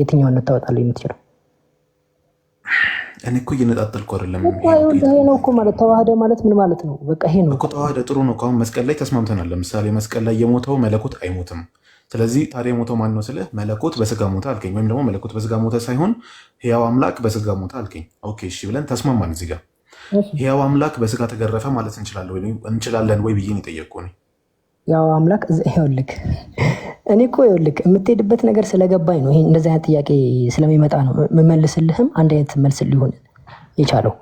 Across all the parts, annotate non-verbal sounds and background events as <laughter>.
የትኛውን ልታወጣለህ የምትችለው? እኔ እኮ እየነጣጠልኩ አይደለም። ነው እኮ ማለት ተዋህደ ማለት ምን ማለት ነው? በቃ ይሄ ነው ተዋህደ። ጥሩ ነው። አሁን መስቀል ላይ ተስማምተናል። ለምሳሌ መስቀል ላይ የሞተው መለኮት አይሞትም። ስለዚህ ታዲያ የሞተው ማን ነው ስልህ መለኮት በስጋ ሞተ አልከኝ፣ ወይም ደግሞ መለኮት በስጋ ሞተ ሳይሆን ህያው አምላክ በስጋ ሞተ አልከኝ። ኦኬ እሺ ብለን ተስማማን። እዚህ ጋር አምላክ በስጋ ተገረፈ ማለት እንችላለን ወይ ብዬ ነው የጠየቅኩህ እኔ ያው አምላክ ይኸውልህ፣ እኔ እኮ ይኸውልህ የምትሄድበት ነገር ስለገባኝ ነው። ይሄ እንደዚህ አይነት ጥያቄ ስለሚመጣ ነው የምመልስልህም አንድ አይነት መልስ ሊሆን የቻለው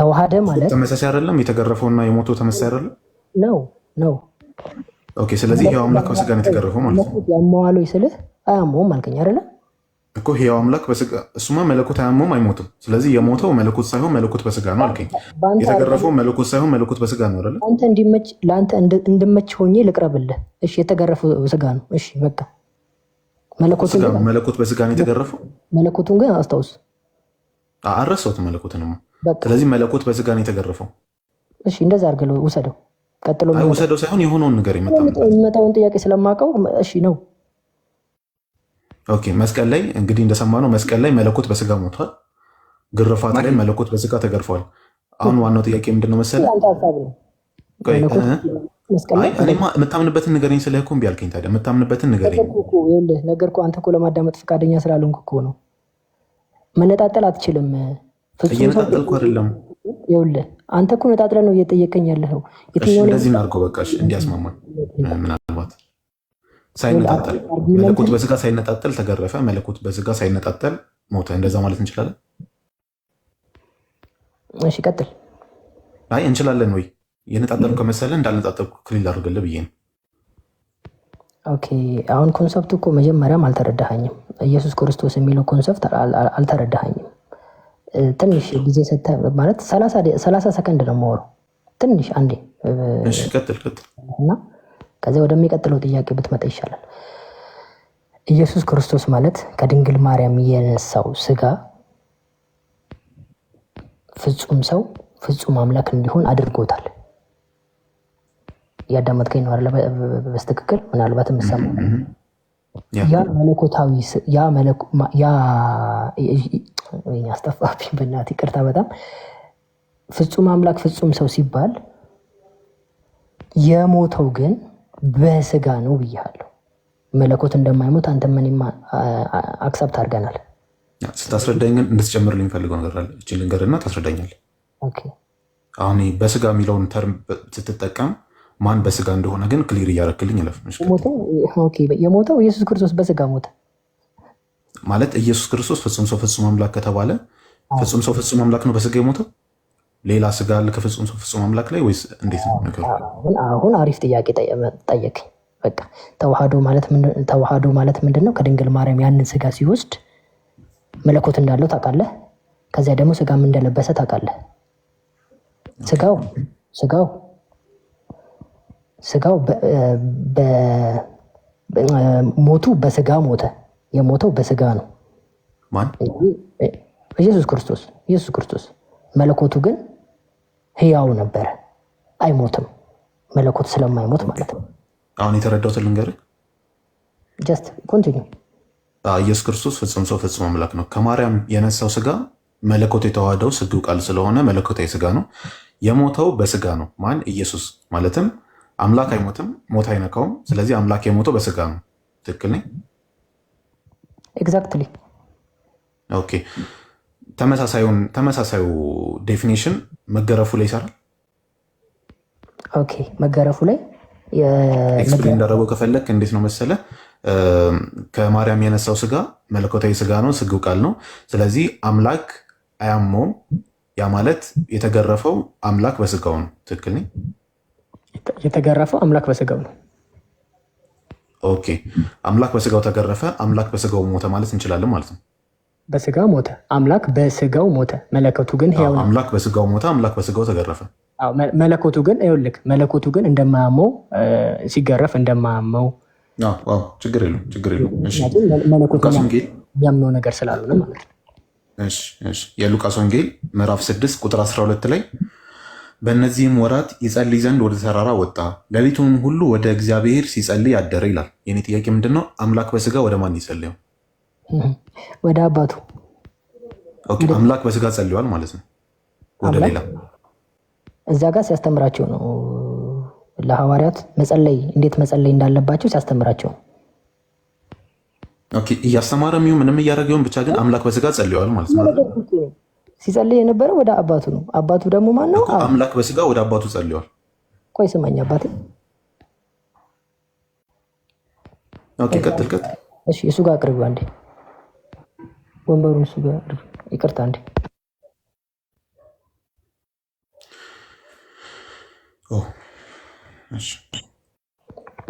ተዋሃደ ማለት ተመሳሳይ አይደለም። የተገረፈውና የሞተው ተመሳሳይ አይደለም ነው ነው። ኦኬ። ስለዚህ ያው አምላክ በስጋ ነው የተገረፈው ማለት ነው። ያመዋለው ስልህ አያመውም አልከኝ አይደለም እኮ ህያው አምላክ በስጋ እሱማ መለኮት አያመውም አይሞትም። ስለዚህ የሞተው መለኮት ሳይሆን መለኮት በስጋ ነው አልከኝ። የተገረፈው መለኮት ሳይሆን መለኮት በስጋ ነው እንዲመች ለአንተ እንድመች ሆኜ ልቅረብልህ። እሺ፣ የተገረፈው ስጋ ነው። እሺ፣ በቃ መለኮት በስጋ ነው የተገረፈው። መለኮቱን ግን አስታውስ፣ አረሰውት መለኮትንማ። ስለዚህ መለኮት በስጋ ነው የተገረፈው። እሺ፣ እንደዛ አድርገህ ውሰደው። ቀጥሎ ውሰደው ሳይሆን የሆነውን ነገር የመጣውን ጥያቄ ስለማውቀው እሺ ነው ኦኬ መስቀል ላይ እንግዲህ እንደሰማነው መስቀል ላይ መለኮት በስጋ ሞቷል። ግርፋት ላይ መለኮት በስጋ ተገርፏል። አሁን ዋናው ጥያቄ ምንድነው መሰለህ? እኔማ የምታምንበትን ንገረኝ ስልህ እኮ አልከኝ። ታዲያ የምታምንበትን ንገረኝ ነገር አንተ እኮ ለማዳመጥ ፈቃደኛ ስላልሆንኩ እኮ ነው። መነጣጠል አትችልም። እየነጣጠልኩ አይደለም። ይኸውልህ አንተ እኮ ነጣጥለህ ነው እየጠየቀኝ ያለው። እንደዚህ እናድርገው በቃ እንዲያስማማን ምናልባት ሳይነጣጠል መለኮት በስጋ ሳይነጣጠል ተገረፈ፣ መለኮት በስጋ ሳይነጣጠል ሞተ። እንደዛ ማለት እንችላለን? እሺ ቀጥል። አይ እንችላለን ወይ የነጣጠሉ ከመሰለ እንዳልነጣጠልኩ ክሊል አድርገለ ብዬ ነው። ኦኬ አሁን ኮንሰፕት እኮ መጀመሪያም አልተረዳሃኝም። ኢየሱስ ክርስቶስ የሚለው ኮንሰፕት አልተረዳሃኝም። ትንሽ ጊዜ ማለት ሰላሳ ሰከንድ ነው የማወራው። ትንሽ አንዴ እና ከዚያ ወደሚቀጥለው ጥያቄ ብትመጣ ይሻላል። ኢየሱስ ክርስቶስ ማለት ከድንግል ማርያም የነሳው ስጋ ፍጹም ሰው ፍጹም አምላክ እንዲሆን አድርጎታል። ያዳመጥከኝ ነው አይደለ? በስትክክል ምናልባት የምሰማው ያ መለኮታዊ አስጠፋብኝ፣ በእናትህ ይቅርታ። በጣም ፍጹም አምላክ ፍጹም ሰው ሲባል የሞተው ግን በስጋ ነው ብያለሁ። መለኮት እንደማይሞት አንተ ምን አክሰብት አድርገናል። ስታስረዳኝ ግን እንድትጨምርልኝ የምፈልገው ነገር አለ። እች ልንገርና ታስረዳኛል። አሁን በስጋ የሚለውን ተርም ስትጠቀም ማን በስጋ እንደሆነ ግን ክሊር እያረክልኝ ለፍ የሞተው ኢየሱስ ክርስቶስ በስጋ ሞተ ማለት ኢየሱስ ክርስቶስ ፍጹም ሰው ፍጹም አምላክ ከተባለ ፍጹም ሰው ፍጹም አምላክ ነው በስጋ የሞተው ሌላ ስጋ አለ ከፍጹም ፍጹም አምላክ ላይ ወይስ እንዴት ነው ነገሩ? አሁን አሪፍ ጥያቄ ጠየቅኝ። በቃ ተዋህዶ ማለት ምንድን ነው? ከድንግል ማርያም ያንን ስጋ ሲወስድ መለኮት እንዳለው ታውቃለህ። ከዚያ ደግሞ ስጋም እንደለበሰ ታውቃለህ። ስጋው ስጋው ስጋው ሞቱ በስጋ ሞተ። የሞተው በስጋ ነው ኢየሱስ ክርስቶስ ኢየሱስ ክርስቶስ መለኮቱ ግን ህያው ነበረ፣ አይሞትም። መለኮት ስለማይሞት ማለት ነው። አሁን የተረዳሁትን ልንገርህ። ጀስት ኢየሱስ ክርስቶስ ፍጹም ሰው ፍጹም አምላክ ነው። ከማርያም የነሳው ስጋ መለኮት የተዋህደው ስግው ቃል ስለሆነ መለኮታዊ ስጋ ነው። የሞተው በስጋ ነው። ማን? ኢየሱስ ማለትም አምላክ አይሞትም፣ ሞት አይነካውም። ስለዚህ አምላክ የሞተው በስጋ ነው። ትክክል ነኝ? ኤግዛክትሊ ኦኬ ተመሳሳዩ ዴፊኒሽን መገረፉ ላይ ይሰራል። ኦኬ መገረፉ ላይ ኤክስፕሌን እንዳደረገው ከፈለግ እንዴት ነው መሰለ ከማርያም የነሳው ስጋ መለኮታዊ ስጋ ነው፣ ስግው ቃል ነው። ስለዚህ አምላክ አያሞም። ያ ማለት የተገረፈው አምላክ በስጋው ነው። ትክክል ነኝ? የተገረፈው አምላክ በስጋው ነው። ኦኬ አምላክ በስጋው ተገረፈ፣ አምላክ በስጋው ሞተ ማለት እንችላለን ማለት ነው። በስጋ ሞተ፣ አምላክ በስጋው ሞተ፣ መለከቱ ግን ሕያው ነው። አምላክ በስጋው ሞተ፣ አምላክ በስጋው ተገረፈ። መለኮቱ ግን ይኸውልህ፣ መለኮቱ ግን እንደማያመው ሲገረፍ እንደማያመው ችግር የለውም ችግር የለውም። የሚያምነው ነገር ስላልሆነ ማለት ነው። የሉቃስ ወንጌል ምዕራፍ 6 ቁጥር 12 ላይ በእነዚህም ወራት ይጸልይ ዘንድ ወደ ተራራ ወጣ፣ ሌሊቱንም ሁሉ ወደ እግዚአብሔር ሲጸልይ አደረ ይላል። የኔ ጥያቄ ምንድነው? አምላክ በስጋ ወደ ማን ይጸልየው? ወደ አባቱ አምላክ በስጋ ጸልዋል ማለት ነው። ወደ ሌላ እዛ ጋር ሲያስተምራቸው ነው ለሐዋርያት መጸለይ እንዴት መጸለይ እንዳለባቸው ሲያስተምራቸው እያስተማረ ሚሁ ምንም እያደረገውን ብቻ ግን አምላክ በስጋ ጸልዋል ማለት ነው። ሲጸልይ የነበረ ወደ አባቱ ነው። አባቱ ደግሞ ማን ነው? አምላክ በስጋ ወደ አባቱ ጸልዋል። ቆይ ስማኝ ቀጥል። እሱ ጋር አቅርቢ አንዴ ወንበሩ እሱ ጋር ይቅርታ እንዴ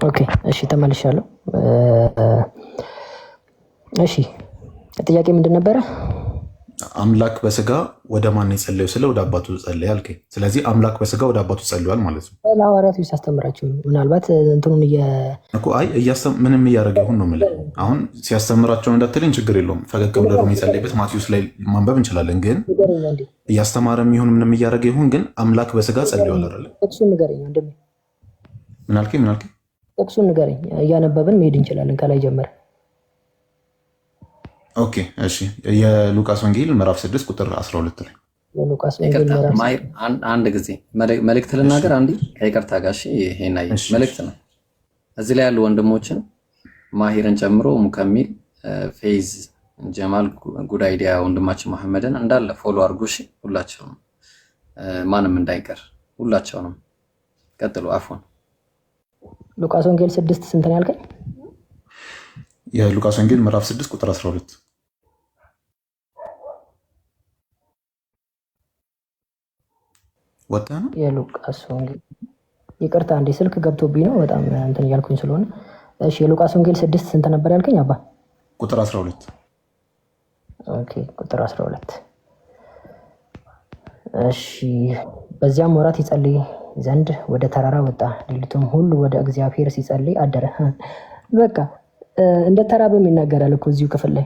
ኦኬ እሺ ተመልሻለሁ እሺ ጥያቄ ምንድን ነበረ አምላክ በስጋ ወደ ማን የጸለዩ ስለ ወደ አባቱ ጸለየ አልከኝ። ስለዚህ አምላክ በስጋ ወደ አባቱ ጸልዋል ማለት ነው። ለሐዋርያቱ ሲያስተምራቸው ምናልባት እንትኑን አይ ምንም እያደረገ ይሁን ነው የምልህ። አሁን ሲያስተምራቸው እንዳትለኝ ችግር የለውም። ፈገግ ብለህ የጸለየበት ማቴዎስ ላይ ማንበብ እንችላለን። ግን እያስተማረ የሚሆን ምንም እያደረገ ይሁን ግን አምላክ በስጋ ጸልዋል አለ። ምን አልከኝ? ምን አልከኝ? ጥቅሱን ንገረኝ፣ እያነበብን መሄድ እንችላለን። ከላይ ጀመረ ኦኬ እሺ የሉቃስ ወንጌል ምዕራፍ 6 ቁጥር 12 ላይ አንድ ጊዜ መልእክት ልናገር አንዴ ከይቅርታ ጋር ይሄና መልእክት ነው እዚህ ላይ ያሉ ወንድሞችን ማሂርን ጨምሮ ሙከሚል ፌዝ ጀማል ጉዳይዲያ ወንድማችን መሐመድን እንዳለ ፎሎ አድርጎ ሁላቸው ሁላቸውም ማንም እንዳይቀር ሁላቸውንም ቀጥሉ አፎን ሉቃስ ወንጌል ስድስት ስንት ያልከኝ የሉቃስ ወንጌል ምዕራፍ 6 ቁጥር 12 ወጣ ነው የሉቃስ ወንጌል ይቅርታ፣ አንዴ ስልክ ገብቶብኝ ነው በጣም እንትን እያልኩኝ ስለሆነ። እሺ የሉቃስ ወንጌል ስድስት ስንት ነበር ያልከኝ አባ? ቁጥር 12 ኦኬ፣ ቁጥር 12 እሺ። በዚያም ወራት ይጸልይ ዘንድ ወደ ተራራ ወጣ። ሌሊቱም ሁሉ ወደ እግዚአብሔር ሲጸልይ አደረ። <laughs> በቃ እንደ ተራብም ይናገራል እኮ እዚሁ ክፍል ላይ።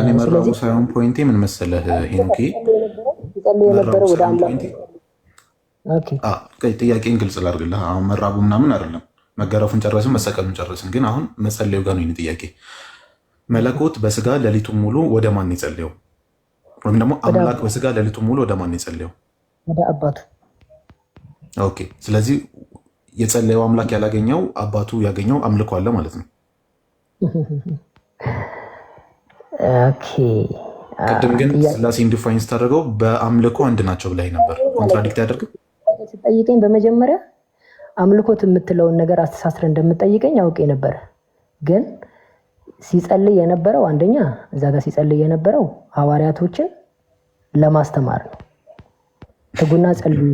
እኔ መራቡ ሳይሆን ፖይንቴ ምን መሰለህ ሄኖኬ፣ ሲጸልይ የነበረው ወደ አምላክ ጥያቄን ግልጽ ላድርግልህ። አሁን መራቡ ምናምን አይደለም፣ መገረፉን ጨረስን፣ መሰቀሉን ጨረስን። ግን አሁን መጸለዩ ጋር ነው ጥያቄ። መለኮት በስጋ ሌሊቱን ሙሉ ወደ ማን የጸለየው? ወይም ደግሞ አምላክ በስጋ ሌሊቱን ሙሉ ወደ ማን የጸለየው? ወደ አባቱ። ኦኬ። ስለዚህ የጸለየው አምላክ ያላገኘው አባቱ ያገኘው አምልኮ አለ ማለት ነው። <laughs> ቅድም ግን ስላሴ ኢንዲፋይን ስታደርገው በአምልኮ አንድ ናቸው ብላይ ነበር። ኮንትራዲክት ያደርግም ስጠይቀኝ በመጀመሪያ አምልኮት የምትለውን ነገር አስተሳስረ እንደምጠይቀኝ አውቄ ነበር። ግን ሲጸልይ የነበረው አንደኛ እዛ ጋር ሲጸልይ የነበረው ሐዋርያቶችን ለማስተማር ነው። ትጉና ጸልዩ፣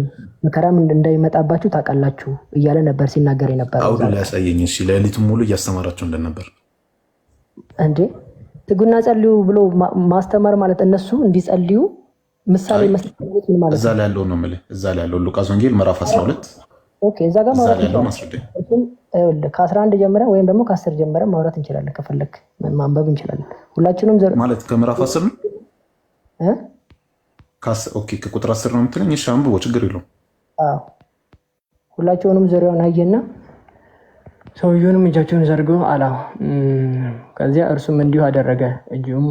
መከራም እንዳይመጣባችሁ ታውቃላችሁ እያለ ነበር ሲናገር የነበረ። አውዱ ላይ እሺ፣ ሙሉ እያስተማራቸው እንደነበር እንዴ። ትጉና ጸልዩ ብሎ ማስተማር ማለት እነሱ እንዲጸልዩ ምሳሌ እዛ ላይ ያለው ነው የምልህ። እዛ ላይ ያለው ሉቃስ ወንጌል ምዕራፍ 12 እዛ ጋር ማውራት ጀምረን ወይም ደግሞ ከ ጀምረን ማውራት እንችላለን። ከፈለክ ማንበብ እንችላለን። ሁላችንም ማለት ከምዕራፍ ነው ከቁጥር ነው የምትለኝ? እሺ አንብቦ ችግር የለውም። ሁላቸውንም ዙሪያውን አየና ሰውየውንም እጃቸውን ዘርጎ አላ። ከዚያ እርሱም እንዲሁ አደረገ። እጁም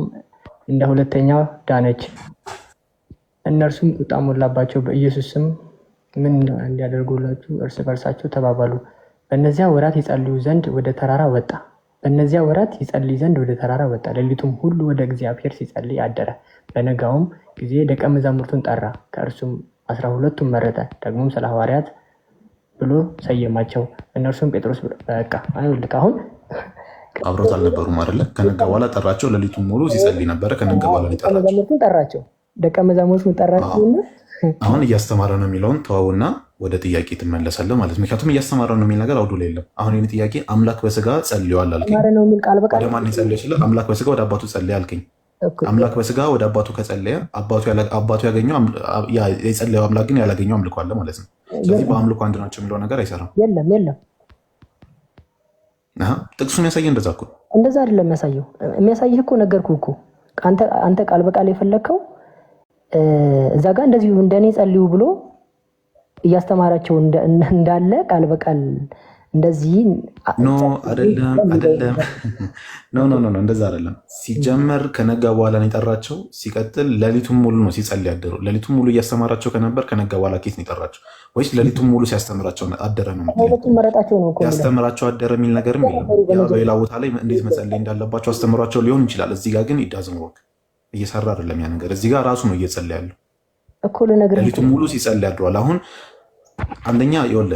እንደ ሁለተኛው ዳነች። እነርሱም ቁጣ ሞላባቸው፣ በኢየሱስ ስም ምን እንዲያደርጉላችሁ እርስ በርሳቸው ተባባሉ። በእነዚያ ወራት ይጸልዩ ዘንድ ወደ ተራራ ወጣ። በእነዚያ ወራት ይጸልይ ዘንድ ወደ ተራራ ወጣ። ሌሊቱም ሁሉ ወደ እግዚአብሔር ሲጸልይ አደረ። በነጋውም ጊዜ ደቀ መዛሙርቱን ጠራ፣ ከእርሱም አስራ ሁለቱን መረጠ። ደግሞም ስለ ሐዋርያት ብሎ ሰየማቸው። እነርሱም ጴጥሮስ በቃ አይልክ አሁን አብረት አልነበሩም አይደለ? ከነጋ በኋላ ጠራቸው። ሌሊቱም ሙሉ ሲጸልይ ነበረ። ከነጋ በኋላ ጠራቸው። ደቀ መዛሙርት ምጠራችሁና አሁን እያስተማረ ነው የሚለውን ተዋውና ወደ ጥያቄ ትመለሳለህ ማለት ምክንያቱም እያስተማረ ነው የሚል ነገር አውዱ ላይ የለም። አሁን ይህ ጥያቄ አምላክ በስጋ ጸልዋል አልከኝ። ወደ ይችላል? አምላክ በስጋ ወደ አባቱ ጸልይ አልከኝ። አምላክ በስጋ ወደ አባቱ ከጸለየ አባቱ ያገኘው የጸለየው አምላክ ግን ያላገኘው አምልኮ አለ ማለት ነው። ስለዚህ በአምልኮ አንድ ናቸው የሚለው ነገር አይሰራም። የለም የለም። ጥቅሱን ያሳየ እንደዛ እኮ እንደዛ አይደለም የሚያሳየው። የሚያሳይህ እኮ ነገርኩህ እኮ አንተ ቃል በቃል የፈለግከው እዛ ጋር እንደዚሁ እንደኔ ጸልዩ ብሎ እያስተማራቸው እንዳለ ቃል በቃል እንደዚህ ኖ አይደለም፣ ኖ ኖ ኖ፣ እንደዛ አይደለም። ሲጀመር ከነጋ በኋላ ነው የጠራቸው። ሲቀጥል ሌሊቱን ሙሉ ነው ሲጸል ያደረው። ሌሊቱን ሙሉ እያስተማራቸው ከነበር ከነጋ በኋላ ኬት ነው የጠራቸው? ወይስ ሌሊቱን ሙሉ ሲያስተምራቸው አደረ ነው? ሲያስተምራቸው አደረ የሚል ነገርም ሌላ ቦታ ላይ እንዴት መጸለይ እንዳለባቸው አስተምሯቸው ሊሆን ይችላል። እዚህ ጋር ግን ይዳዝምሮክ እየሰራ አይደለም ያ ነገር። እዚህ ጋር ራሱ ነው እየጸለ ያለው ሌሊቱ ሙሉ ሲጸል ያድሯል። አሁን አንደኛ የወለ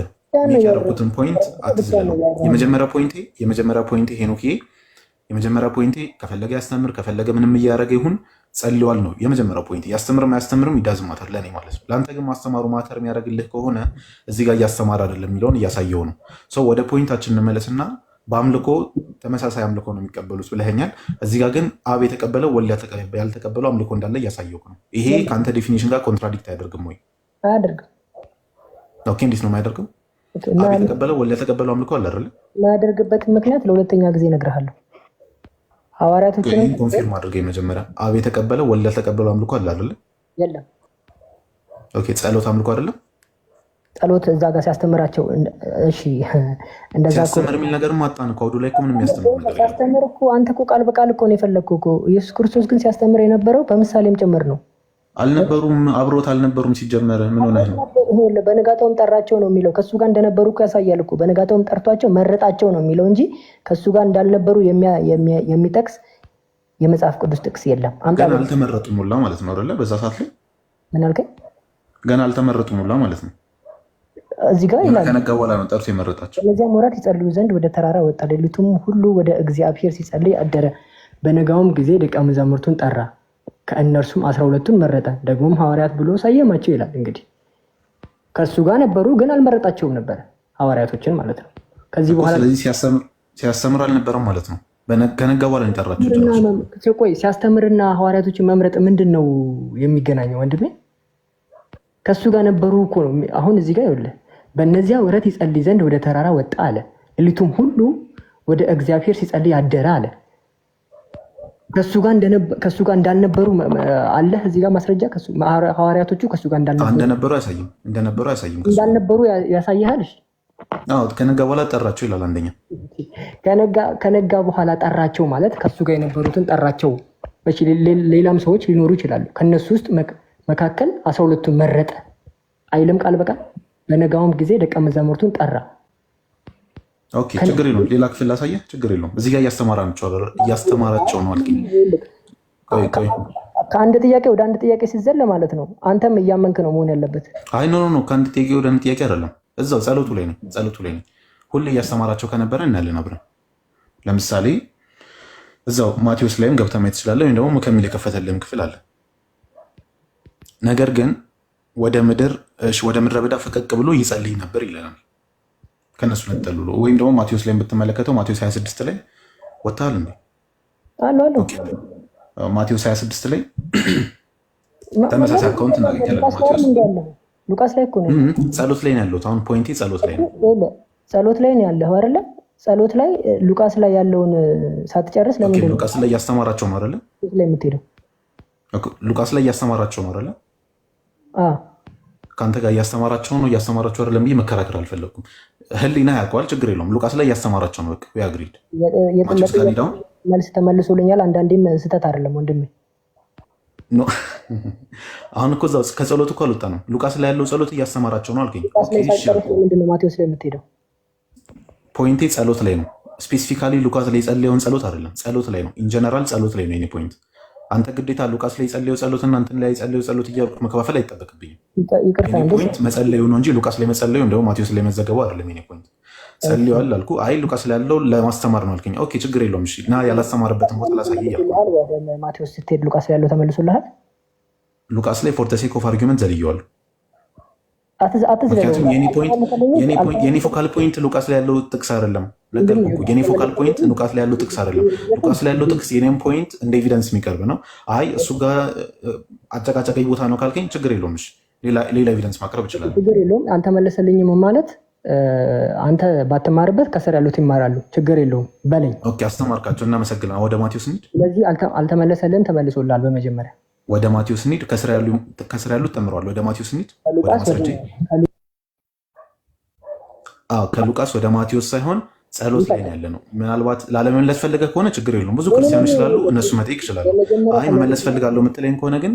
ያደረኩትን ፖይንት አትዝለለው። የመጀመሪያ ፖይንቴ የመጀመሪያ ፖይንቴ ሄኖክ የመጀመሪያ ፖይንቴ ከፈለገ ያስተምር ከፈለገ ምንም እያደረገ ይሁን ጸልዋል ነው የመጀመሪያ ፖይንቴ። ያስተምርም አያስተምርም ይዳዝ ማተር ለእኔ ማለት ነው። ለአንተ ግን ማስተማሩ ማተር የሚያደርግልህ ከሆነ እዚህ ጋር እያስተማር አይደለም የሚለውን እያሳየው ነው። ሰው ወደ ፖይንታችን እንመለስና በአምልኮ ተመሳሳይ አምልኮ ነው የሚቀበሉት ብለኛል። እዚህ ጋር ግን አብ የተቀበለው ወልድ ያልተቀበለው አምልኮ እንዳለ እያሳየው ነው። ይሄ ከአንተ ዴፊኒሽን ጋር ኮንትራዲክት አያደርግም ወይ? አያደርግም። እንዴት ነው የማያደርገው? አብ የተቀበለው ወልድ ያልተቀበለው አምልኮ አለ አይደለ? ምክንያት ለሁለተኛ ጊዜ እነግርሃለሁ። ሐዋርያቶችን ኮንፊርም አድርገው። የመጀመሪያ አብ የተቀበለው ወልድ ያልተቀበለው አምልኮ አለ አይደለ? የለም። ጸሎት አምልኮ አይደለም ጸሎት እዛ ጋር ሲያስተምራቸው ሲያስተምር የሚል ነገር እኮ አውዱ ላይ እኮ ሲያስተምር እኮ አንተ እኮ ቃል በቃል እኮ ነው የፈለግኩ እኮ። ኢየሱስ ክርስቶስ ግን ሲያስተምር የነበረው በምሳሌም ጭምር ነው። አልነበሩም፣ አብሮት አልነበሩም። ሲጀመር ምን ሆነ ነው? ጠራቸው ነው የሚለው። ከእሱ ጋር እንደነበሩ እኮ ያሳያል እኮ። ጠርቷቸው መረጣቸው ነው የሚለው እንጂ ከእሱ ጋር እንዳልነበሩ የሚጠቅስ የመጽሐፍ ቅዱስ ጥቅስ የለም። ገና አልተመረጡም ሁላ ማለት ነው አይደለ? በዛ ሰዓት ላይ ምን አልከኝ? ገና አልተመረጡም ሁላ ማለት ነው እዚህ ጋር ይላል ከነጋ በኋላ ነው ጠርቶ የመረጣቸው። እነዚያም ወራት ይጸልዩ ዘንድ ወደ ተራራ ወጣ። ሌሊቱም ሁሉ ወደ እግዚአብሔር ሲጸልይ አደረ። በነጋውም ጊዜ ደቀ መዛሙርቱን ጠራ፣ ከእነርሱም አስራ ሁለቱን መረጠ። ደግሞም ሐዋርያት ብሎ ሰየማቸው ይላል። እንግዲህ ከእሱ ጋር ነበሩ፣ ግን አልመረጣቸውም ነበረ፣ ሐዋርያቶችን ማለት ነው። ከዚህ በኋላ ስለዚህ ሲያስተምር አልነበረም ማለት ነው። ከነጋ በኋላ ነው ቆይ ሲያስተምርና ሐዋርያቶችን መምረጥ ምንድን ነው የሚገናኘው ወንድሜ? ከእሱ ጋር ነበሩ እኮ ነው አሁን እዚህ ጋር ይኸውልህ በእነዚያ ወረት ይጸልይ ዘንድ ወደ ተራራ ወጣ አለ። ሌሊቱም ሁሉ ወደ እግዚአብሔር ሲጸልይ አደረ አለ። ከእሱ ጋር እንዳልነበሩ አለ። እዚህ ጋር ማስረጃ ሐዋርያቶቹ ከእሱ ጋር እንዳልነበሩ አያሳይም። እንዳልነበሩ ያሳይሃል። ከነጋ በኋላ ጠራቸው ይላል። አንደኛ ከነጋ በኋላ ጠራቸው ማለት ከእሱ ጋር የነበሩትን ጠራቸው። ሌላም ሰዎች ሊኖሩ ይችላሉ። ከእነሱ ውስጥ መካከል አስራ ሁለቱን መረጠ አይልም ቃል በቃል በነጋውም ጊዜ ደቀ መዛሙርቱን ጠራ። ኦኬ ችግር የለውም። ሌላ ክፍል ላሳየ ችግር የለውም። እዚህ ጋር እያስተማራቸው ነው አልከኝ። ከአንድ ጥያቄ ወደ አንድ ጥያቄ ሲዘለ ማለት ነው። አንተም እያመንክ ነው መሆን ያለበት። አይ ኖ ኖ፣ ከአንድ ጥያቄ ወደ አንድ ጥያቄ አይደለም። እዛው ጸሎቱ ላይ ነው፣ ጸሎቱ ላይ ነው። ሁሌ እያስተማራቸው ከነበረ እናያለን አብረን። ለምሳሌ እዛው ማቴዎስ ላይም ገብተህ ማየት ትችላለህ፣ ወይም ደግሞ ከሚል የከፈተልህም ክፍል አለ። ነገር ግን ወደ ምድር ወደ ምድረ በዳ ፈቀቅ ብሎ ይጸልይ ነበር ይለናል። ከነሱ ነጠሉ ወይም ደግሞ ማቴዎስ ላይ የምትመለከተው ማቴዎስ 26 ላይ ወታል እንዴ? ማቴዎስ 26 ላይ ተመሳሳይ አካውንት እናገኛለን። ሉቃስ ላይ ጸሎት ላይ ነው ያለሁት። አሁን ፖይንቴ ጸሎት ላይ ነው ጸሎት ላይ ነው ያለኸው አይደለ? ጸሎት ላይ ሉቃስ ላይ ያለውን ሳትጨርስ ለምንድን ሉቃስ ላይ እያስተማራቸው ነው አይደለ? ሉቃስ ላይ እያስተማራቸው ነው አይደለ? ከአንተ ጋር እያስተማራቸው ነው እያስተማራቸው አይደለም ብዬ መከራከር አልፈለግኩም። ህሊና ያውቀዋል፣ ችግር የለውም። ሉቃስ ላይ እያስተማራቸው ነው። አግሪድ መልስ ተመልሶልኛል። አንዳንዴም ስህተት አይደለም ወንድሜ። አሁን እኮ እዛው ከጸሎት እኮ አልወጣ ነው። ሉቃስ ላይ ያለው ጸሎት እያስተማራቸው ነው አልከኝ። ምንድን ማቴዎስ ላይ የምትሄደው? ፖይንቴ ጸሎት ላይ ነው። ስፔሲፊካሊ ሉቃስ ላይ የጸለየውን ጸሎት አይደለም፣ ጸሎት ላይ ነው። ኢንጀነራል ጸሎት ላይ ነው ኔ ፖይንት አንተ ግዴታ ሉቃስ ላይ ጸለዩ ጸሎት እና እንትን ላይ ጸለዩ ጸሎት እያልኩ መከፋፈል አይጠበቅብኝም። ፖይንት መጸለዩ ነው እንጂ ሉቃስ ላይ መጸለዩ እንደው ማቴዎስ ላይ መዘገበው አይደለም። ኔ ፖይንት ጸልዋል አልኩ። አይ ሉቃስ ላይ ያለው ለማስተማር ነው አልከኝ። ኦኬ ችግር የለውም እሺ። እና ያላስተማረበትን ቦታ ላሳይ ያልኩ ማቴዎስ ስትሄድ ሉቃስ ላይ ያለው ተመልሶልሃል። ሉቃስ ላይ ፎር ዘ ሴክ ኦፍ አርጊመንት ዘልየዋለሁ ምክንያቱም የኔ ፎካል ፖይንት ሉቃስ ላይ ያለው ጥቅስ አይደለም። ነገርኩ የኔ ፎካል ፖይንት ሉቃስ ላይ ያለው ጥቅስ አይደለም። ሉቃስ ላይ ያለው ጥቅስ የኔም ፖይንት እንደ ኤቪደንስ የሚቀርብ ነው። አይ እሱ ጋር አጨቃጨቀኝ ቦታ ነው ካልከኝ ችግር የለውም። ሌላ ኤቪደንስ ማቅረብ ይችላል። ችግር የለውም። አንተ መለሰልኝም ማለት አንተ ባትማርበት ከስር ያሉት ይማራሉ። ችግር የለውም በለኝ። አስተማርካቸው። እናመሰግናል። ወደ ማቴዎስ እንሂድ። ስለዚህ አልተመለሰልን፣ ተመልሶላል በመጀመሪያ ወደ ማቴዎስ እንሂድ። ከስራ ያሉት ጠምረዋል። ወደ ማቴዎስ እንሂድ። ወደ ማስረጃ ከሉቃስ ወደ ማቴዎስ ሳይሆን ጸሎት ላይ ያለ ነው። ምናልባት ላለመመለስ ፈልገ ከሆነ ችግር የለውም። ብዙ ክርስቲያኖች ስላሉ እነሱ መጠየቅ ይችላሉ። አይ መመለስ ፈልጋለሁ የምትለኝ ከሆነ ግን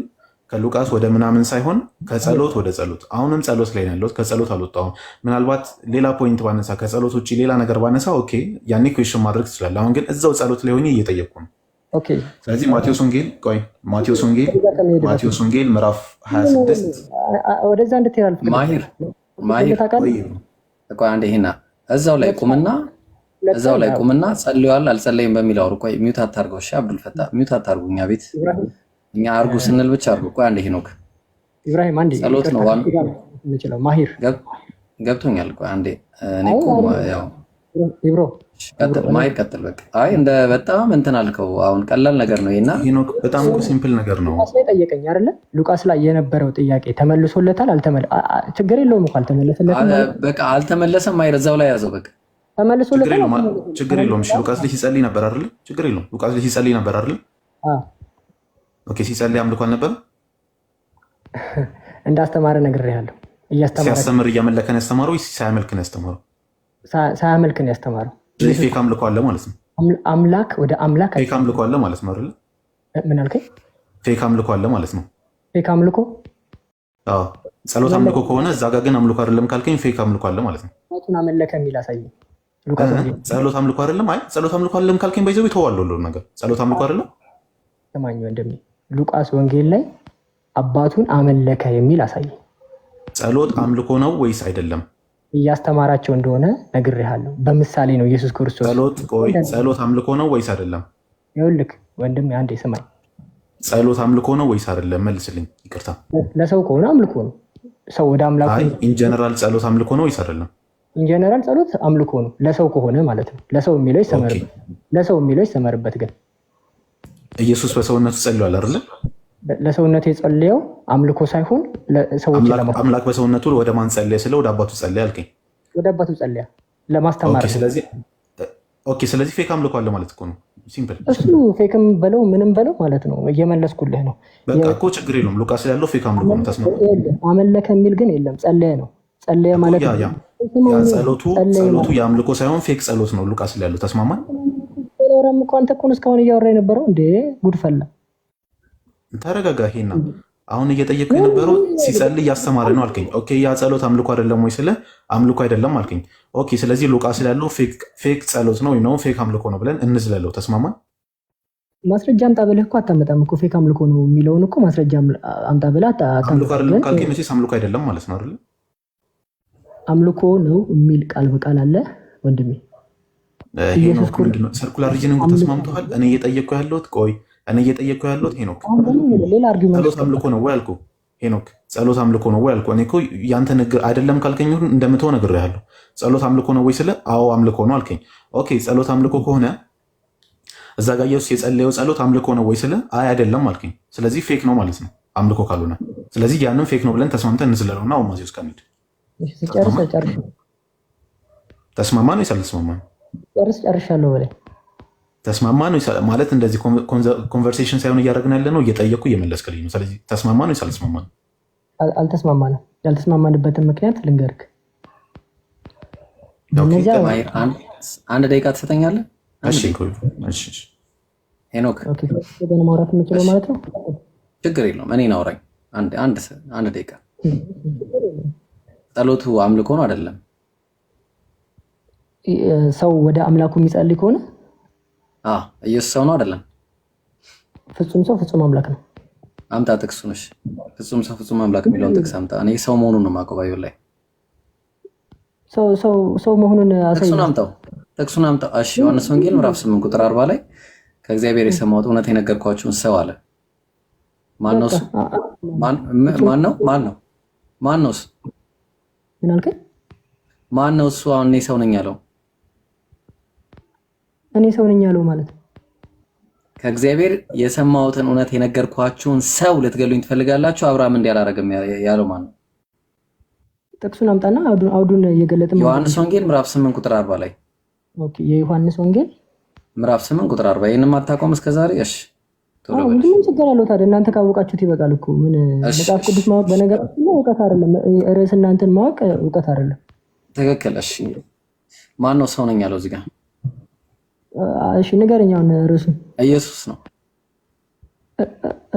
ከሉቃስ ወደ ምናምን ሳይሆን ከጸሎት ወደ ጸሎት። አሁንም ጸሎት ላይ ያለሁት ከጸሎት አልወጣሁም። ምናልባት ሌላ ፖይንት ባነሳ ከጸሎት ውጭ ሌላ ነገር ባነሳ ኦኬ፣ ያኔ ኩዌሽን ማድረግ ትችላለህ። አሁን ግን እዛው ጸሎት ላይ ሆኜ እየጠየቅኩ ነው። ስለዚህ ማቴዎስ ወንጌል ቆይ ማቴዎስ ወንጌል ማቴዎስ ወንጌል ምዕራፍ 26 ወደዛ እንድትሄድ አልፈለግም። ማሂር ማሂር ቆይ አንዴ ሂና እዛው ላይ ቁምና እዛው ላይ ቁምና ጸልዋል አልጸለይም በሚለው አውሩ። ቆይ ሚውት አታርገው እሺ፣ አብዱልፈታ ሚውት አታርጉ። እኛ ቤት እኛ አርጉ ስንል ብቻ አርጉ። ቆይ አንድ ይሄ ነው ኢብራሂም አንድ ጸሎት ነው ዋን ማሂር ገብቶኛል። ቆይ አንዴ እኔ ቁም ያው ኢብሮ ማየት በቃ አይ እንደ በጣም እንትን አልከው። አሁን ቀላል ነገር ነው ይሄና፣ በጣም ሲምፕል ነገር ነው። ሉቃስ ላይ ጠየቀኝ አይደለ? ሉቃስ ላይ የነበረው ጥያቄ ተመልሶለታል። ችግር የለውም እኮ አልተመለሰለትም። በቃ አልተመለሰም። አይ እዛው ላይ ያዘው። በቃ ተመልሶለታል። ችግር የለውም። ሉቃስ ላይ ሲጸልይ ነበር አይደለ? ችግር የለውም። ሉቃስ ላይ ሲጸልይ ነበር አይደለ? ኦኬ። ሲጸልይ አምልኮ <laughs> እንዳስተማረ ነግሬሃለሁ። ሲያስተምር እያመለከን ያስተማረው ሳያመልክን ያስተማረው? ሳያመልክን ያስተማረው ስለዚህ ፌክ አምልኮ አለ ማለት ነው። አምላክ ወደ አምላክ ፌክ አምልኮ አለ ማለት ነው አይደለ? ምን አልከኝ? ፌክ አምልኮ አለ ማለት ነው። ፌክ አምልኮ ጸሎት አምልኮ ከሆነ እዛ ጋር ግን አምልኮ አይደለም ካልከኝ ፌክ አምልኮ አለ ማለት ነው። አመለከ የሚል ጸሎት አምልኮ አይደለም። አይ ጸሎት አምልኮ አይደለም ካልከኝ ሁሉ ነገር ጸሎት አምልኮ አይደለም። ስማኝ ወንድሜ፣ ሉቃስ ወንጌል ላይ አባቱን አመለከ የሚል አሳየኝ። ጸሎት አምልኮ ነው ወይስ አይደለም? እያስተማራቸው እንደሆነ ነግሬሃለሁ። በምሳሌ ነው ኢየሱስ ክርስቶስ። ጸሎት አምልኮ ነው ወይስ አይደለም? ይኸውልህ ወንድም አንዴ ስማኝ። ጸሎት አምልኮ ነው ወይስ አይደለም? መልስልኝ። ይቅርታ። ለሰው ከሆነ አምልኮ ነው። ሰው ወደ አምላኩ ኢንጀነራል ጸሎት አምልኮ ነው ወይስ አይደለም? ኢንጀነራል ጸሎት አምልኮ ነው፣ ለሰው ከሆነ ማለት ነው። ለሰው የሚለው ይሰመርበት፣ ለሰው የሚለው ይሰመርበት። ግን ኢየሱስ በሰውነቱ ጸልዋል አይደለ? ለሰውነቱ የጸለየው አምልኮ ሳይሆን ሰዎች አምላክ በሰውነቱ ወደ ማን ጸለየ? ስለ ወደ አባቱ ጸለየ አልከኝ። ወደ አባቱ ጸለያ ለማስተማር። ስለዚህ ፌክ አምልኮ አለ ማለት እኮ ነው። ሲምፕል እሱ ፌክም በለው ምንም በለው ማለት ነው። እየመለስኩልህ ነው እኮ ችግር የለውም። ሉቃስ ያለው ፌክ አምልኮ ነው። ታስማ አመለከ የሚል ግን የለም። ጸለየ ነው። ጸለየ ማለት ጸሎቱ የአምልኮ ሳይሆን ፌክ ጸሎት ነው። ሉቃስ ያለው ተስማማል። ራም እኮ አንተ እኮ እስካሁን እያወራ የነበረው እንዴ! ጉድፈላ ተረጋጋ ሄና አሁን እየጠየቅ የነበረው ሲጸልይ እያስተማረ ነው አልከኝ። ኦኬ ያ ጸሎት አምልኮ አይደለም ወይ ስለ አምልኮ አይደለም አልከኝ። ኦኬ ስለዚህ ሉቃስ ያለው ፌክ ጸሎት ነው ወይም ፌክ አምልኮ ነው ብለን እንዝለለው። ተስማማን። ማስረጃ አምጣ ብለህ እኮ አታመጣም እኮ ፌክ አምልኮ ነው የሚለውን እኮ ማስረጃ አምጣ ብለህ አምልኮ አይደለም ካልከኝ መቼስ አምልኮ አይደለም ማለት ነው አይደለ? አምልኮ ነው የሚል ቃል በቃል አለ ወንድሜ። ይሄ ነው ሰርኩላር ሪጅን ተስማምተዋል። እኔ እየጠየቅኩ ያለሁት ቆይ እኔ እየጠየቅኩ ያለሁት ሄኖክ ጸሎት አምልኮ ነው ወይ አልኩህ። ሄኖክ ጸሎት አምልኮ ነው ወይ አልኩህ። እኔ እኮ ያንተ ንግር አይደለም ካልከኝ ሁሉ እንደምትሆን ነግሬሃለሁ። ጸሎት አምልኮ ነው ወይ ስለ አዎ አምልኮ ነው አልከኝ። ኦኬ ጸሎት አምልኮ ከሆነ እዛ ጋር ኢየሱስ የጸለየው ጸሎት አምልኮ ነው ወይ ስለ አይ አይደለም አልከኝ። ስለዚህ ፌክ ነው ማለት ነው አምልኮ ካልሆነ። ስለዚህ ያንን ፌክ ነው ብለን ተስማምተን እንስለለውና አሁን ውስጥ ከሚሄድ ተስማማ ነው ሳልተስማማ ነው ጨርስ ጨርሻለሁ ብለህ ተስማማ ነው ማለት እንደዚህ ኮንቨርሴሽን ሳይሆን እያደረግን ያለ ነው፣ እየጠየቁ እየመለስክልኝ ነው። ስለዚህ ተስማማ ነው አልተስማማ ነው አልተስማማንም። ያልተስማማንበትን ምክንያት ልንገርክ። አንድ ደቂቃ ትሰጠኛለህ? ሄኖክ ማውራት የምችለው ማለት ነው። ችግር የለውም። እኔን አውራኝ አንድ ደቂቃ። ጸሎቱ አምልኮ ነው አይደለም? ሰው ወደ አምላኩ የሚጸልይ ከሆነ ኢየሱስ ሰው ነው አይደለም? ፍጹም ሰው ፍጹም አምላክ ነው። አምጣ ጥቅሱ ነሽ። ፍጹም ሰው ፍጹም አምላክ የሚለውን ጥቅስ አምጣ። እኔ ሰው መሆኑን ነው ማቆባዩ ላይ ሰው መሆኑን ጥቅሱን አምጣው፣ ጥቅሱን አምጣው። እሺ ዮሐንስ ወንጌል ምዕራፍ ስምንት ቁጥር አርባ ላይ ከእግዚአብሔር የሰማሁት እውነት የነገርኳችሁን ሰው አለ። ማን ነው? ማን ነው? ማን ነው? ማን ነው? ማን ነው? እሱ አሁን እኔ ሰው ነኝ ያለው እኔ ሰው ነኝ ያለው ማለት ነው። ከእግዚአብሔር የሰማሁትን እውነት የነገርኳችሁን ሰው ልትገሉኝ ትፈልጋላችሁ፣ አብርሃም እንዲህ አላደረገም ያለው ማለት ነው። ጥቅሱን አምጣና አውዱን እየገለጠ ዮሐንስ ወንጌል ምዕራፍ 8 ቁጥር 40 ላይ ኦኬ። የዮሐንስ ወንጌል ምዕራፍ 8 ቁጥር 40 ይሄንን ማታቆም እስከ ዛሬ እሺ፣ ምንም ችግር አለው። ታዲያ እናንተ ካወቃችሁት ይበቃል እኮ ምን መጽሐፍ ቅዱስ ማወቅ በነገራችን ላይ እውቀት አይደለም። ርዕስ እናንተን ማወቅ እውቀት አይደለም። ትክክል። እሺ፣ ማን ነው ሰው ነኝ ያለው እዚህ ጋር እሺ ንገረኝ። አሁን ርዕሱ ኢየሱስ ነው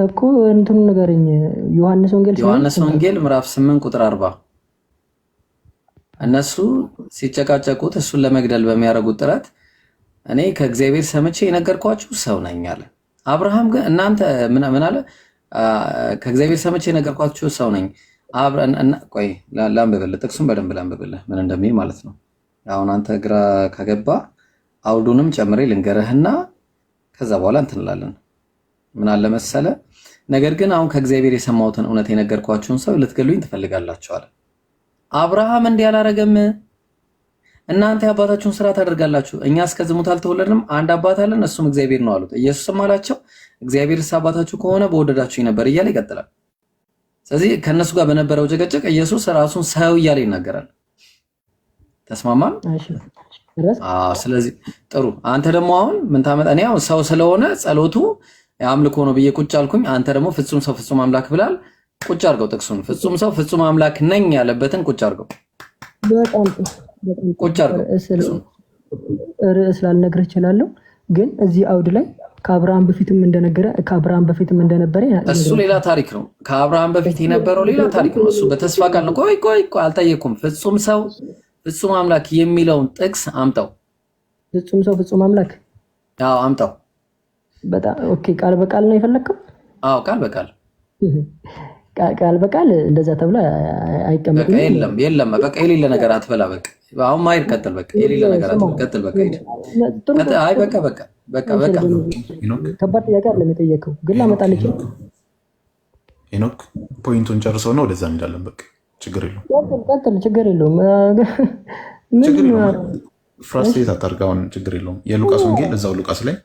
እኮ እንትኑ ንገረኝ። ዮሐንስ ወንጌል ዮሐንስ ወንጌል ምዕራፍ 8 ቁጥር 40 እነሱ ሲጨቃጨቁት እሱን ለመግደል በሚያደርጉት ጥረት እኔ ከእግዚአብሔር ሰምቼ የነገርኳችሁ ሰው ነኝ አለ። አብርሃም ግን እናንተ ምን አለ? ከእግዚአብሔር ሰምቼ የነገርኳችሁ ሰው ነኝ። ቆይ ላንብብልህ፣ ጥቅሱን በደንብ ላንብብልህ ምን እንደሚል ማለት ነው። አሁን አንተ ግራ ከገባ አውዱንም ጨምሬ ልንገርህና ከዛ በኋላ እንትንላለን። ምን አለ መሰለ፣ ነገር ግን አሁን ከእግዚአብሔር የሰማሁትን እውነት የነገርኳችሁን ሰው ልትገሉኝ ትፈልጋላችኋል። አብርሃም እንዲህ አላረገም። እናንተ የአባታችሁን ስራ ታደርጋላችሁ። እኛ እስከ ዝሙት አልተወለድንም፣ አንድ አባት አለን፣ እሱም እግዚአብሔር ነው አሉት። ኢየሱስም አላቸው እግዚአብሔርስ አባታችሁ ከሆነ በወደዳችሁ ነበር እያለ ይቀጥላል። ስለዚህ ከእነሱ ጋር በነበረው ጭቅጭቅ ኢየሱስ ራሱን ሰው እያለ ይናገራል። ተስማማል? ስለዚህ ጥሩ። አንተ ደግሞ አሁን ምን ታመጣ? እኔ አሁን ሰው ስለሆነ ጸሎቱ አምልኮ ነው ብዬ ቁጭ አልኩኝ። አንተ ደግሞ ፍጹም ሰው ፍጹም አምላክ ብላል። ቁጭ አድርገው ጥቅሱን። ፍጹም ሰው ፍጹም አምላክ ነኝ ያለበትን ቁጭ አድርገው፣ ቁጭ አድርገው። ርዕስ ላልነግርህ እችላለሁ፣ ግን እዚህ አውድ ላይ ከአብርሃም በፊትም እንደነገረ ከአብርሃም በፊትም እንደነበረ እሱ ሌላ ታሪክ ነው። ከአብርሃም በፊት የነበረው ሌላ ታሪክ ነው። እሱ በተስፋ ቃል ነው። ቆይ ቆይ፣ አልጠየኩም። ፍጹም ሰው ፍጹም አምላክ የሚለውን ጥቅስ አምጣው። ፍጹም ሰው ፍጹም አምላክ? አዎ አምጣው። በጣም ኦኬ። ቃል በቃል ነው የፈለግከው? አዎ ቃል በቃል ቃል በቃል እንደዛ ተብሎ አይቀመጥም። የለም የለም፣ በቃ የሌለ ነገር አትበላ። በቃ አሁን ማይር ቀጥል። በቃ የሌለ ነገር አትበላ። ቀጥል። በቃ አይ በቃ በቃ በቃ በቃ። ከባድ ጥያቄ አይደለም የጠየቀው፣ ግን ላመጣልህ ሄኖክ ፖይንቱን ነው ወደዛ እንሄዳለን። በቃ ችግር የለውም ችግር የለውም ችግር የለውም። የሉቃስ ወንጌል እዛው ሉቃስ ላይ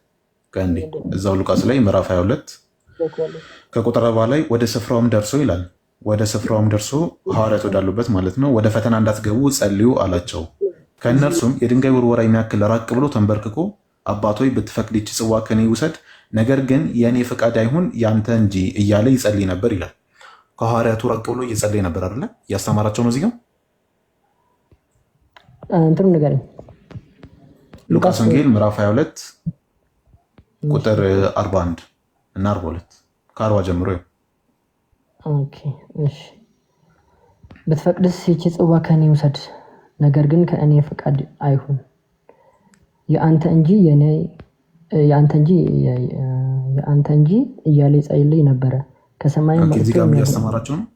ከእንዴ እዛው ሉቃስ ላይ ምዕራፍ 22 ከቁጥር ላይ ወደ ስፍራውም ደርሶ ይላል። ወደ ስፍራውም ደርሶ ሐዋርያት ወዳሉበት ማለት ነው። ወደ ፈተና እንዳትገቡ ጸልዩ አላቸው። ከእነርሱም የድንጋይ ውርወራ የሚያክል ራቅ ብሎ ተንበርክኮ አባቶይ ብትፈቅድ ይህች ጽዋ ከኔ ውሰድ፣ ነገር ግን የእኔ ፈቃድ አይሁን ያንተ እንጂ እያለ ይጸልይ ነበር ይላል። ከሐዋርያቱ ራቅ ብሎ እየጸለየ ነበር አይደለ? እያስተማራቸው ነው። እዚህ እንትኑ ነገር ሉቃስ ወንጌል ምዕራፍ 22 ቁጥር 41 እና 42 ከአርባ ጀምሮ ብትፈቅድስ ይቺ ጽዋ ከእኔ ውሰድ፣ ነገር ግን ከእኔ ፈቃድ አይሁን የአንተ እንጂ የአንተ እንጂ እያለ ይጸልይ ነበረ። ከሰማይ እዚህ እያስተማራቸው ነው።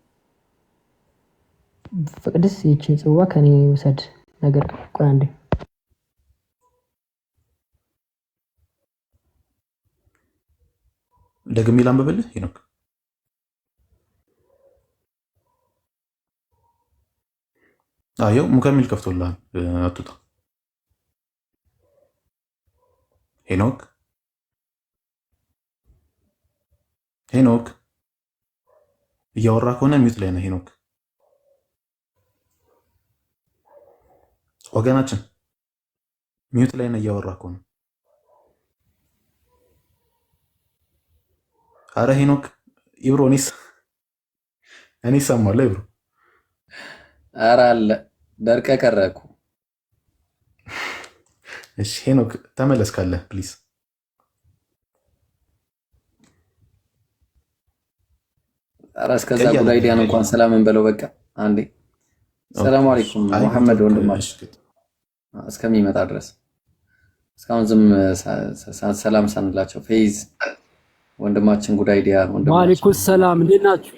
ፍቅድስ ይችን ጽዋ ከኔ ውሰድ ነገር ቆይ አንዴ ደግሜ ላንብብልህ ሄኖክ አየው ሙከሚል ከፍቶልሃል አትውጣ ሄኖክ ሄኖክ እያወራ ከሆነ ሚዩት ላይ ነው ሄኖክ። ወገናችን ሚዩት ላይ ነው እያወራ ከሆነ። አረ ሄኖክ ይብሮ እኔ እኔ እሰማለሁ ይብሮ አረ አለ ደርቀ ቀረ እሺ ሄኖክ ተመለስካለህ ፕሊዝ። ራስ ጉዳይ ዲያን እንኳን ሰላምን በለው። በቃ አንዴ ሰላም አለይኩም መሐመድ ወንድማችን እስከሚመጣ ድረስ እስካሁን ዝም ሰላም ሳንላቸው ፌዝ ወንድማችን ጉዳይዲያ ወንድማችን ወአለይኩም ሰላም። እንዴት ናችሁ?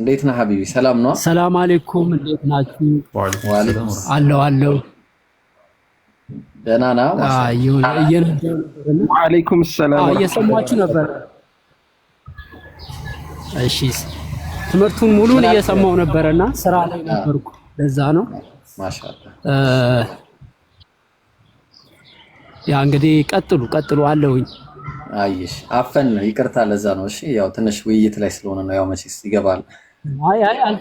እንዴት ነህ ሀቢቢ? ሰላም ነው። ሰላም አለይኩም። እንዴት ናችሁ? ወአለይኩም አለው አለው ደህና ነህ? ወአለይኩም ሰላም። እየሰማችሁ ነበር? እሺ ትምህርቱን ሙሉን እየሰማው ነበረና ስራ ላይ ነበርኩ። ለዛ ነው ያ እንግዲህ ቀጥሉ ቀጥሉ አለውኝ። አይሽ አፈን ይቅርታ፣ ለዛ ነው። እሺ ያው ትንሽ ውይይት ላይ ስለሆነ ነው ያው መቼስ ይገባል። አይ አይ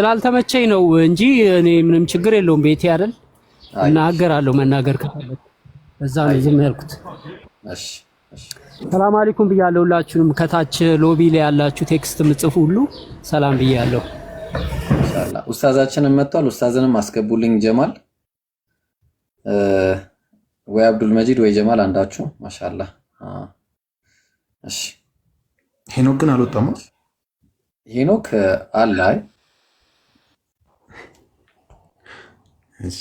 ስላልተመቸኝ ነው እንጂ እኔ ምንም ችግር የለውም። ቤቴ አይደል እናገራለሁ መናገር ከፈለኩ። ለዛ ነው ዝም ያልኩት። እሺ እሺ ሰላም አለይኩም ብያለሁ። ሁላችሁንም ከታች ሎቢ ላይ ያላችሁ ቴክስት ምጽፉ ሁሉ ሰላም ብያለሁ። ኢንሻአላህ ኡስታዛችንን መጥቷል። ኡስታዝንም አስገቡልኝ። ጀማል ወይ አብዱል መጂድ ወይ ጀማል አንዳችሁ። ማሻአላህ እሺ። ሄኖክ ግን አልወጣም። ሄኖክ አላይ እሺ፣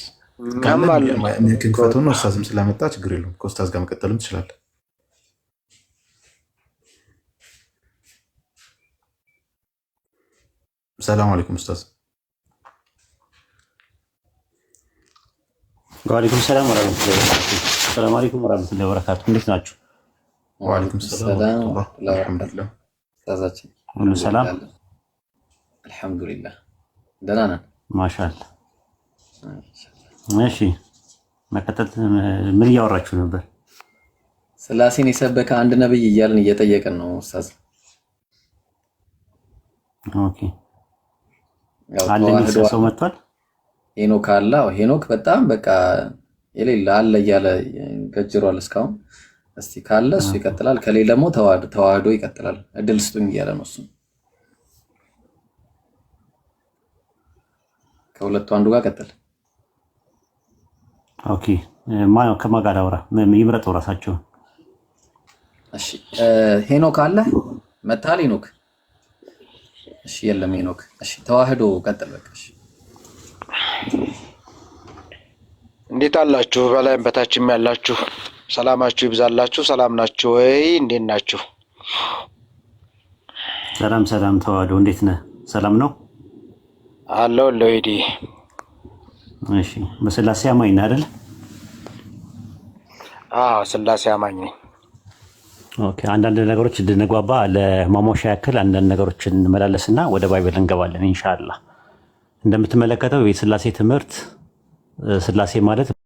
ካለ ነው ኡስታዝም ስለመጣ ችግር የለውም። ከኡስታዝ ጋር መቀጠልም ትችላለህ። ሰላም አለይኩም ኡስታዝ። ወአለይኩም ሰላም ወራህመቱላሂ ወበረካቱ። ሰላም አለይኩም ወራህመቱላሂ ወበረካቱ። እንዴት ናችሁ? ወአለይኩም ሰላም ሁሉ ሰላም አልሐምዱሊላህ፣ ደህና ነን ማሻአላህ። እሺ መቀጠል ምን እያወራችሁ ነበር? ስላሴን የሰበከ አንድ ነብይ እያልን እየጠየቅን ነው ኡስታዝ። ኦኬ አለ ሰው መጥቷል። ሄኖክ አለ። ሄኖክ በጣም በቃ የሌለ አለ እያለ ገጅሯል እስካሁን። እስቲ ካለ እሱ ይቀጥላል፣ ከሌለ ደግሞ ተዋህዶ ይቀጥላል። እድል ስጡኝ እያለ ነው እሱ ከሁለቱ አንዱ ጋር ቀጥል። ኦኬ ከማጋዳ ወራ ይምረጠው ራሳቸውን። እሺ ሄኖክ አለ መታል ሄኖክ እሺ የለም ሄኖክ። እሺ ተዋህዶ ቀጥል። በቃ እሺ። እንዴት አላችሁ? በላይም በታችም ያላችሁ ሰላማችሁ ይብዛላችሁ። ሰላም ናችሁ ወይ? እንዴት ናችሁ? ሰላም ሰላም። ተዋህዶ እንዴት ነህ? ሰላም ነው አለው ለይዲ። እሺ በስላሴ አማኝ ነህ አይደል? አዎ ስላሴ አማኝ ነኝ። አንዳንድ ነገሮች እንድንግባባ ለማሞሻ ያክል አንዳንድ ነገሮች እንመላለስና ወደ ባይብል እንገባለን። እንሻላ እንደምትመለከተው የስላሴ ትምህርት ስላሴ ማለት